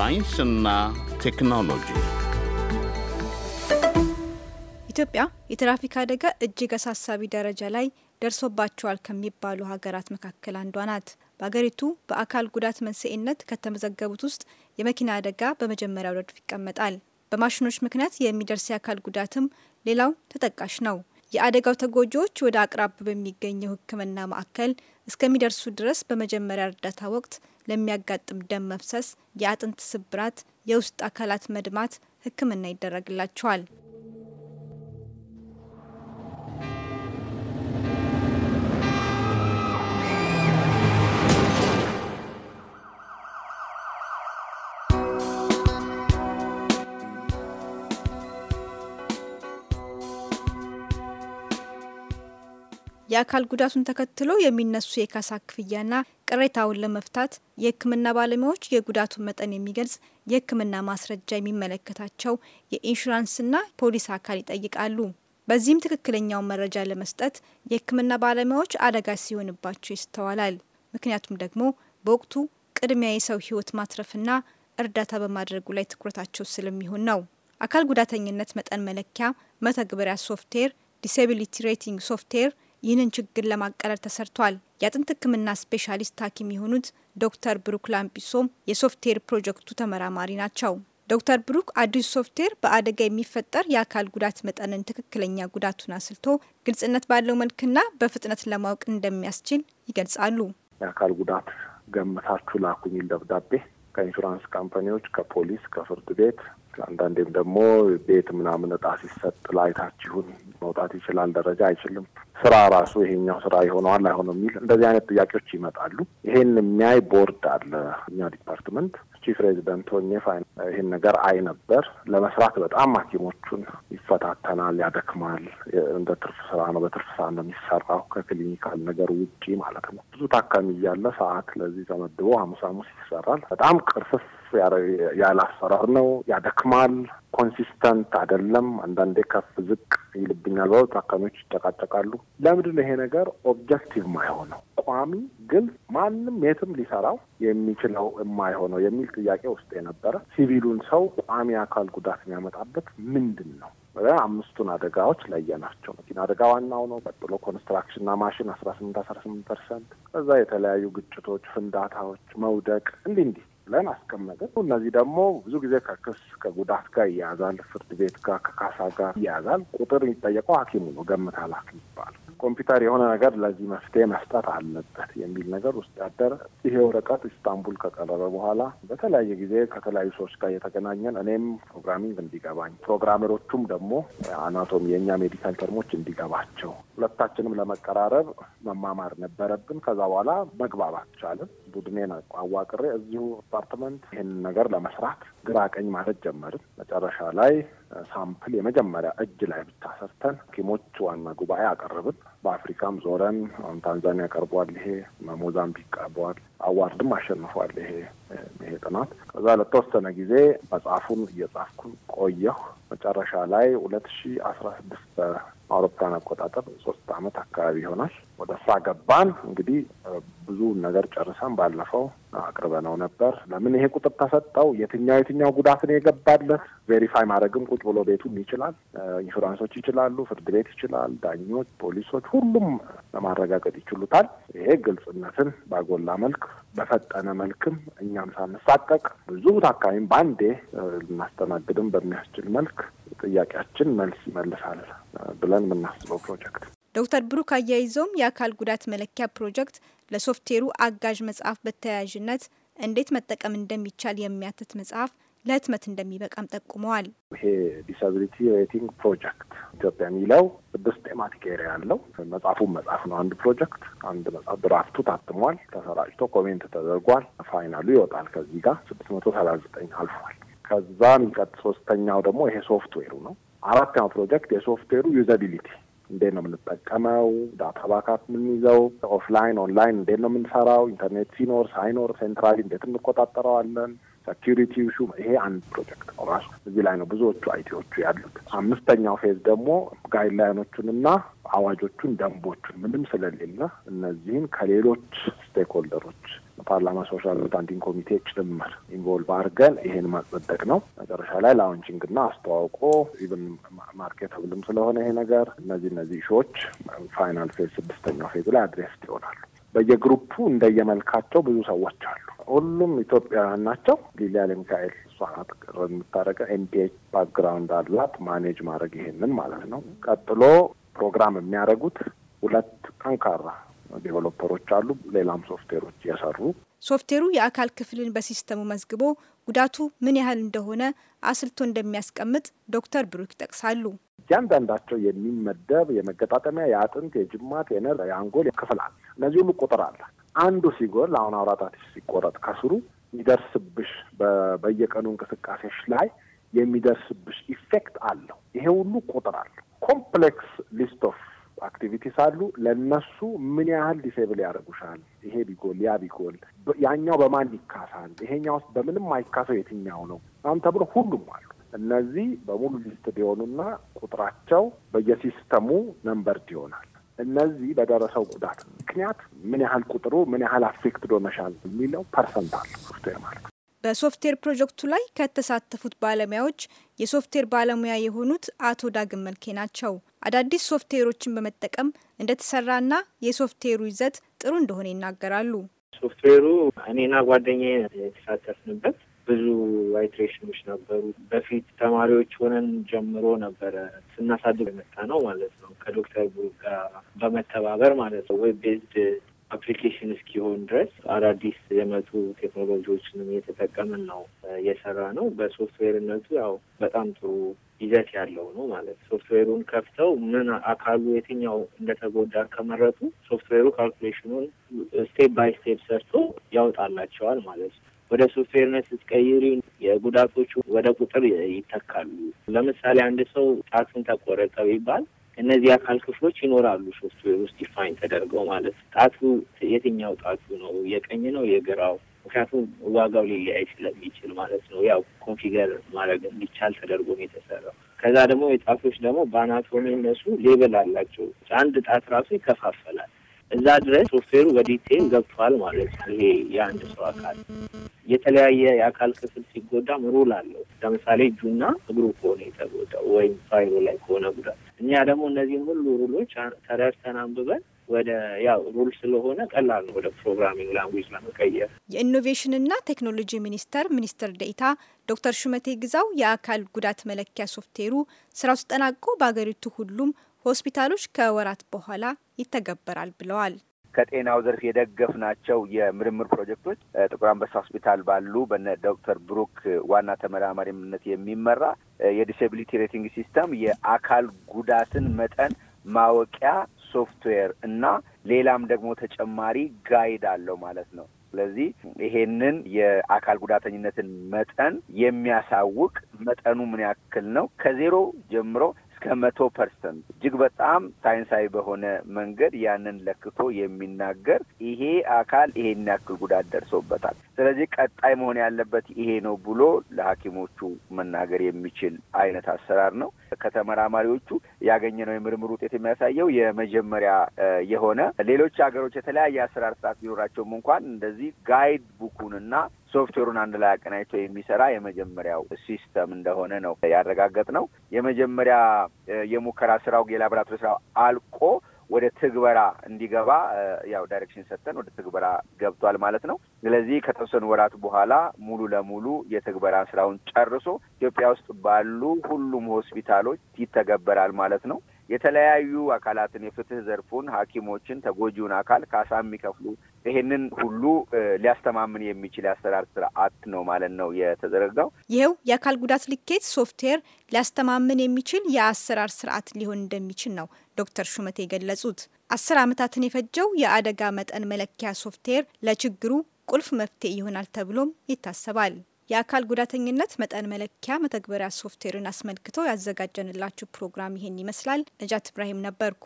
ሳይንስና ቴክኖሎጂ ኢትዮጵያ የትራፊክ አደጋ እጅግ አሳሳቢ ደረጃ ላይ ደርሶባቸዋል ከሚባሉ ሀገራት መካከል አንዷ ናት። በሀገሪቱ በአካል ጉዳት መንስኤነት ከተመዘገቡት ውስጥ የመኪና አደጋ በመጀመሪያው ረድፍ ይቀመጣል። በማሽኖች ምክንያት የሚደርስ የአካል ጉዳትም ሌላው ተጠቃሽ ነው። የአደጋው ተጎጂዎች ወደ አቅራብ በሚገኘው ሕክምና ማዕከል እስከሚደርሱ ድረስ በመጀመሪያ እርዳታ ወቅት ለሚያጋጥም ደም መፍሰስ፣ የአጥንት ስብራት፣ የውስጥ አካላት መድማት ሕክምና ይደረግላቸዋል። የአካል ጉዳቱን ተከትሎ የሚነሱ የካሳ ክፍያና ቅሬታውን ለመፍታት የሕክምና ባለሙያዎች የጉዳቱን መጠን የሚገልጽ የሕክምና ማስረጃ የሚመለከታቸው የኢንሹራንስና ፖሊስ አካል ይጠይቃሉ። በዚህም ትክክለኛውን መረጃ ለመስጠት የሕክምና ባለሙያዎች አደጋ ሲሆንባቸው ይስተዋላል። ምክንያቱም ደግሞ በወቅቱ ቅድሚያ የሰው ሕይወት ማትረፍና እርዳታ በማድረጉ ላይ ትኩረታቸው ስለሚሆን ነው። አካል ጉዳተኝነት መጠን መለኪያ መተግበሪያ ሶፍትዌር ዲሴቢሊቲ ሬቲንግ ሶፍትዌር ይህንን ችግር ለማቀረር ተሰርቷል። የአጥንት ሕክምና ስፔሻሊስት ሐኪም የሆኑት ዶክተር ብሩክ ላምፒሶም የሶፍትዌር ፕሮጀክቱ ተመራማሪ ናቸው። ዶክተር ብሩክ አዲሱ ሶፍትዌር በአደጋ የሚፈጠር የአካል ጉዳት መጠንን ትክክለኛ ጉዳቱን አስልቶ ግልጽነት ባለው መልክና በፍጥነት ለማወቅ እንደሚያስችል ይገልጻሉ። የአካል ጉዳት ገምታችሁ ላኩኝ ደብዳቤ ከኢንሹራንስ ካምፓኒዎች፣ ከፖሊስ፣ ከፍርድ ቤት አንዳንዴም ደግሞ ቤት ምናምን እጣ ሲሰጥ ላይታችሁን መውጣት ይችላል ደረጃ አይችልም፣ ስራ ራሱ ይሄኛው ስራ ይሆነዋል አይሆነው የሚል እንደዚህ አይነት ጥያቄዎች ይመጣሉ። ይሄን የሚያይ ቦርድ አለ። እኛ ዲፓርትመንት ቺፍ ሬዚደንት ሆኜ ይህን ነገር አይ ነበር። ለመስራት በጣም ሐኪሞቹን ይፈታተናል፣ ያደክማል። እንደ ትርፍ ስራ ነው፣ በትርፍ ስራ ነው የሚሰራው፣ ከክሊኒካል ነገር ውጪ ማለት ነው። ብዙ ታካሚ እያለ ሰዓት ለዚህ ተመድቦ ሐሙስ ሐሙስ ይሰራል። በጣም ቅርስስ ያለ አሰራር ነው፣ ያደክማል፣ ኮንሲስተንት አይደለም። አንዳንዴ ከፍ ዝቅ ይልብኛል ባሉ ታካሚዎች ይጨቃጨቃሉ። ለምንድን ነው ይሄ ነገር ኦብጀክቲቭ ማይሆነው ቋሚ፣ ግን ማንም የትም ሊሰራው የሚችለው የማይሆነው የሚል ጥያቄ ውስጥ የነበረ ሲቪሉን ሰው ቋሚ አካል ጉዳት የሚያመጣበት ምንድን ነው? አምስቱን አደጋዎች ለየናቸው። መኪና አደጋ ዋናው ነው። ቀጥሎ ኮንስትራክሽንና ማሽን አስራ ስምንት አስራ ስምንት ፐርሰንት፣ ከዛ የተለያዩ ግጭቶች፣ ፍንዳታዎች፣ መውደቅ እንዲህ እንዲህ ብለን አስቀመጥን። እነዚህ ደግሞ ብዙ ጊዜ ከክስ ከጉዳት ጋር ይያዛል፣ ፍርድ ቤት ጋር ከካሳ ጋር ይያዛል። ቁጥር የሚጠየቀው ሐኪሙ ነው። ገምታል ሐኪም ይባላል። ኮምፒውተር የሆነ ነገር ለዚህ መፍትሄ መስጠት አለበት የሚል ነገር ውስጥ ያደረ ይሄ ወረቀት ኢስታንቡል ከቀረበ በኋላ በተለያየ ጊዜ ከተለያዩ ሰዎች ጋር እየተገናኘን እኔም ፕሮግራሚንግ እንዲገባኝ ፕሮግራመሮቹም ደግሞ አናቶሚ የእኛ ሜዲካል ተርሞች እንዲገባቸው ሁለታችንም ለመቀራረብ መማማር ነበረብን። ከዛ በኋላ መግባባት ቻልን። ቡድኔን አዋቅሬ እዚሁ አፓርትመንት ይህን ነገር ለመስራት ግራ ቀኝ ማለት ጀመርን። መጨረሻ ላይ ሳምፕል የመጀመሪያ እጅ ላይ ብቻ ሰርተን ሐኪሞች ዋና ጉባኤ አቀረብን። በአፍሪካም ዞረን አሁን ታንዛኒያ ቀርቧል። ይሄ ሞዛምቢክ ቀርቧል። አዋርድም አሸንፏል። ይሄ ይሄ ጥናት ከዛ ለተወሰነ ጊዜ መጽሐፉን እየጻፍኩ ቆየሁ። መጨረሻ ላይ ሁለት ሺ አስራ ስድስት በአውሮፕላን አቆጣጠር ሶስት አመት አካባቢ ይሆናል ወደ ሳ ገባን። እንግዲህ ብዙ ነገር ጨርሰን ባለፈው አቅርበነው ነበር። ለምን ይሄ ቁጥር ተሰጠው? የትኛው የትኛው ጉዳትን የገባለት ቬሪፋይ ማድረግም ቁጭ ብሎ ቤቱም ይችላል፣ ኢንሹራንሶች ይችላሉ፣ ፍርድ ቤት ይችላል፣ ዳኞች፣ ፖሊሶች፣ ሁሉም ለማረጋገጥ ይችሉታል። ይሄ ግልጽነትን ባጎላ መልክ በፈጠነ መልክም እኛም ሳንሳቀቅ ብዙ ታካሚም በአንዴ ልናስተናግድም በሚያስችል መልክ ጥያቄያችን መልስ ይመልሳል ብለን የምናስበው ፕሮጀክት ዶክተር ብሩክ አያይዘውም የአካል ጉዳት መለኪያ ፕሮጀክት ለሶፍትዌሩ አጋዥ መጽሐፍ በተያያዥነት እንዴት መጠቀም እንደሚቻል የሚያትት መጽሐፍ ለህትመት እንደሚበቃም ጠቁመዋል። ይሄ ዲሳቢሊቲ ሬቲንግ ፕሮጀክት ኢትዮጵያ የሚለው ስድስት ቴማቲክ ኤሪያ ያለው መጽሐፉን መጽሐፍ ነው። አንድ ፕሮጀክት አንድ መጽሐፍ ድራፍቱ ታትሟል፣ ተሰራጭቶ ኮሜንት ተደርጓል። ፋይናሉ ይወጣል። ከዚህ ጋር ስድስት መቶ ሰላሳ ዘጠኝ አልፏል። ከዛ ሚቀጥ ሶስተኛው ደግሞ ይሄ ሶፍትዌሩ ነው። አራተኛው ፕሮጀክት የሶፍትዌሩ ዩዛቢሊቲ እንዴት ነው የምንጠቀመው፣ ዳታ ባካፕ የምንይዘው፣ ኦፍላይን ኦንላይን እንዴት ነው የምንሰራው፣ ኢንተርኔት ሲኖር ሳይኖር ሴንትራሊ እንዴት እንቆጣጠረዋለን፣ ሴኪሪቲ ሹ ይሄ አንድ ፕሮጀክት ነው ራሱ። እዚህ ላይ ነው ብዙዎቹ አይቲዎቹ ያሉት። አምስተኛው ፌዝ ደግሞ ጋይድላይኖቹንና አዋጆቹን፣ ደንቦቹን ምንም ስለሌለ እነዚህን ከሌሎች ስቴክሆልደሮች ፓርላማ ሶሻል ስታንዲንግ ኮሚቴዎች ጭምር ኢንቮልቭ አድርገን ይሄን ማጽደቅ ነው። መጨረሻ ላይ ላውንቺንግ እና አስተዋውቆ ኢቨን ማርኬታብልም ስለሆነ ይሄ ነገር እነዚህ እነዚህ ሾዎች ፋይናል ፌዝ ስድስተኛው ፌዝ ላይ አድሬስ ይሆናሉ። በየግሩፑ እንደየመልካቸው ብዙ ሰዎች አሉ። ሁሉም ኢትዮጵያውያን ናቸው። ሊሊያ ለሚካኤል ሰዓት ቅር የምታደርገ ኤንፒኤች ባክግራውንድ አላት ማኔጅ ማድረግ ይሄንን ማለት ነው። ቀጥሎ ፕሮግራም የሚያደርጉት ሁለት ጠንካራ ዴቨሎፐሮች አሉ፣ ሌላም ሶፍትዌሮች እያሰሩ ሶፍትዌሩ የአካል ክፍልን በሲስተሙ መዝግቦ ጉዳቱ ምን ያህል እንደሆነ አስልቶ እንደሚያስቀምጥ ዶክተር ብሩክ ይጠቅሳሉ። እያንዳንዳቸው የሚመደብ የመገጣጠሚያ፣ የአጥንት፣ የጅማት፣ የነር፣ የአንጎል ክፍል አለ። እነዚህ ሁሉ ቁጥር አለ። አንዱ ሲጎል አሁን አውራ ጣትሽ ሲቆረጥ ከስሩ ይደርስብሽ በየቀኑ እንቅስቃሴሽ ላይ የሚደርስብሽ ኢፌክት አለው። ይሄ ሁሉ ቁጥር አለው። ኮምፕሌክስ ሊስት ኦፍ አክቲቪቲስ አሉ። ለነሱ ምን ያህል ዲሴብል ያደርጉሻል? ይሄ ቢጎል ያ ቢጎል ያኛው በማን ይካሳል? ይሄኛው ውስጥ በምንም አይካሰው የትኛው ነው ምናምን ተብሎ ሁሉም አሉ። እነዚህ በሙሉ ሊስት ቢሆኑና ቁጥራቸው በየሲስተሙ ነንበርድ ይሆናል። እነዚህ በደረሰው ጉዳት ምክንያት ምን ያህል ቁጥሩ ምን ያህል አፌክትድ መሻል የሚለው ፐርሰንት አለ ሶፍትዌር ማለት ነው። በሶፍትዌር ፕሮጀክቱ ላይ ከተሳተፉት ባለሙያዎች የሶፍትዌር ባለሙያ የሆኑት አቶ ዳግም መልኬ ናቸው። አዳዲስ ሶፍትዌሮችን በመጠቀም እንደተሰራና የሶፍትዌሩ ይዘት ጥሩ እንደሆነ ይናገራሉ። ሶፍትዌሩ እኔና ጓደኛ የተሳተፍንበት ብዙ አይትሬሽኖች ነበሩ። በፊት ተማሪዎች ሆነን ጀምሮ ነበረ ስናሳድግ የመጣ ነው ማለት ነው። ከዶክተር ቡር ጋር በመተባበር ማለት ነው ዌብ ቤዝድ አፕሊኬሽን እስኪሆን ድረስ አዳዲስ የመጡ ቴክኖሎጂዎችንም እየተጠቀምን ነው እየሰራ ነው። በሶፍትዌርነቱ ያው በጣም ጥሩ ይዘት ያለው ነው ማለት ሶፍትዌሩን ከፍተው ምን አካሉ የትኛው እንደተጎዳ ከመረጡ ሶፍትዌሩ ካልኩሌሽኑን ስቴፕ ባይ ስቴፕ ሰርቶ ያወጣላቸዋል ማለት ነው። ወደ ሶፍትዌርነት ስትቀይሪ የጉዳቶቹ ወደ ቁጥር ይተካሉ። ለምሳሌ አንድ ሰው ጣትን ተቆረጠ ይባል እነዚህ አካል ክፍሎች ይኖራሉ ሶፍትዌር ውስጥ ዲፋይን ተደርገው ማለት ጣቱ የትኛው ጣቱ ነው የቀኝ ነው የግራው ምክንያቱም ዋጋው ሊለያይ ስለሚችል ማለት ነው። ያው ኮንፊገር ማድረግ እንዲቻል ተደርጎ ነው የተሰራው። ከዛ ደግሞ የጣቶች ደግሞ በአናቶሚ እነሱ ሌበል አላቸው። አንድ ጣት ራሱ ይከፋፈላል። እዛ ድረስ ሶፍትዌሩ በዲቴይል ገብቷል ማለት ነው። ይሄ የአንድ ሰው አካል የተለያየ የአካል ክፍል ሲጎዳም ሩል አለው። ለምሳሌ እጁና እግሩ ከሆነ የተጎዳው ወይም ፋይሉ ላይ ከሆነ ጉዳት እኛ ደግሞ እነዚህን ሁሉ ሩሎች ተረድተን አንብበን ወደ ያው ሩል ስለሆነ ቀላል ነው ወደ ፕሮግራሚንግ ላንጉጅ ለመቀየር። የኢኖቬሽንና ቴክኖሎጂ ሚኒስቴር ሚኒስትር ደኢታ ዶክተር ሹመቴ ግዛው የአካል ጉዳት መለኪያ ሶፍትዌሩ ስራው ተጠናቆ በሀገሪቱ ሁሉም ሆስፒታሎች ከወራት በኋላ ይተገበራል ብለዋል። ከጤናው ዘርፍ ናቸው የምርምር ፕሮጀክቶች ጥቁር አንበሳ ሆስፒታል ባሉ በነ ዶክተር ብሩክ ዋና ተመራማሪነት የሚመራ የዲስብሊቲ ሬቲንግ ሲስተም የአካል ጉዳትን መጠን ማወቂያ ሶፍትዌር እና ሌላም ደግሞ ተጨማሪ ጋይድ አለው ማለት ነው። ስለዚህ ይሄንን የአካል ጉዳተኝነትን መጠን የሚያሳውቅ መጠኑ ምን ያክል ነው ከዜሮ ጀምሮ እስከ መቶ ፐርሰንት እጅግ በጣም ሳይንሳዊ በሆነ መንገድ ያንን ለክቶ የሚናገር ይሄ አካል ይሄን ያክል ጉዳት ደርሶበታል፣ ስለዚህ ቀጣይ መሆን ያለበት ይሄ ነው ብሎ ለሐኪሞቹ መናገር የሚችል አይነት አሰራር ነው። ከተመራማሪዎቹ ያገኘ ነው የምርምር ውጤት የሚያሳየው የመጀመሪያ የሆነ ሌሎች ሀገሮች የተለያየ አሰራር ስርዓት ቢኖራቸውም እንኳን እንደዚህ ጋይድ እና ሶፍትዌሩን አንድ ላይ አቀናጅቶ የሚሰራ የመጀመሪያው ሲስተም እንደሆነ ነው ያረጋገጥ ነው። የመጀመሪያ የሙከራ ስራው የላቦራቶሪ ስራው አልቆ ወደ ትግበራ እንዲገባ ያው ዳይሬክሽን ሰጥተን ወደ ትግበራ ገብቷል ማለት ነው። ስለዚህ ከተወሰኑ ወራት በኋላ ሙሉ ለሙሉ የትግበራ ስራውን ጨርሶ ኢትዮጵያ ውስጥ ባሉ ሁሉም ሆስፒታሎች ይተገበራል ማለት ነው። የተለያዩ አካላትን የፍትህ ዘርፉን፣ ሐኪሞችን፣ ተጎጂውን አካል ካሳ የሚከፍሉ ይሄንን ሁሉ ሊያስተማምን የሚችል የአሰራር ስርዓት ነው ማለት ነው የተዘረጋው። ይኸው የአካል ጉዳት ልኬት ሶፍትዌር ሊያስተማምን የሚችል የአሰራር ስርዓት ሊሆን እንደሚችል ነው ዶክተር ሹመቴ የገለጹት። አስር ዓመታትን የፈጀው የአደጋ መጠን መለኪያ ሶፍትዌር ለችግሩ ቁልፍ መፍትሄ ይሆናል ተብሎም ይታሰባል። የአካል ጉዳተኝነት መጠን መለኪያ መተግበሪያ ሶፍትዌርን አስመልክቶ ያዘጋጀንላችሁ ፕሮግራም ይሄን ይመስላል። ነጃት ኢብራሂም ነበርኩ።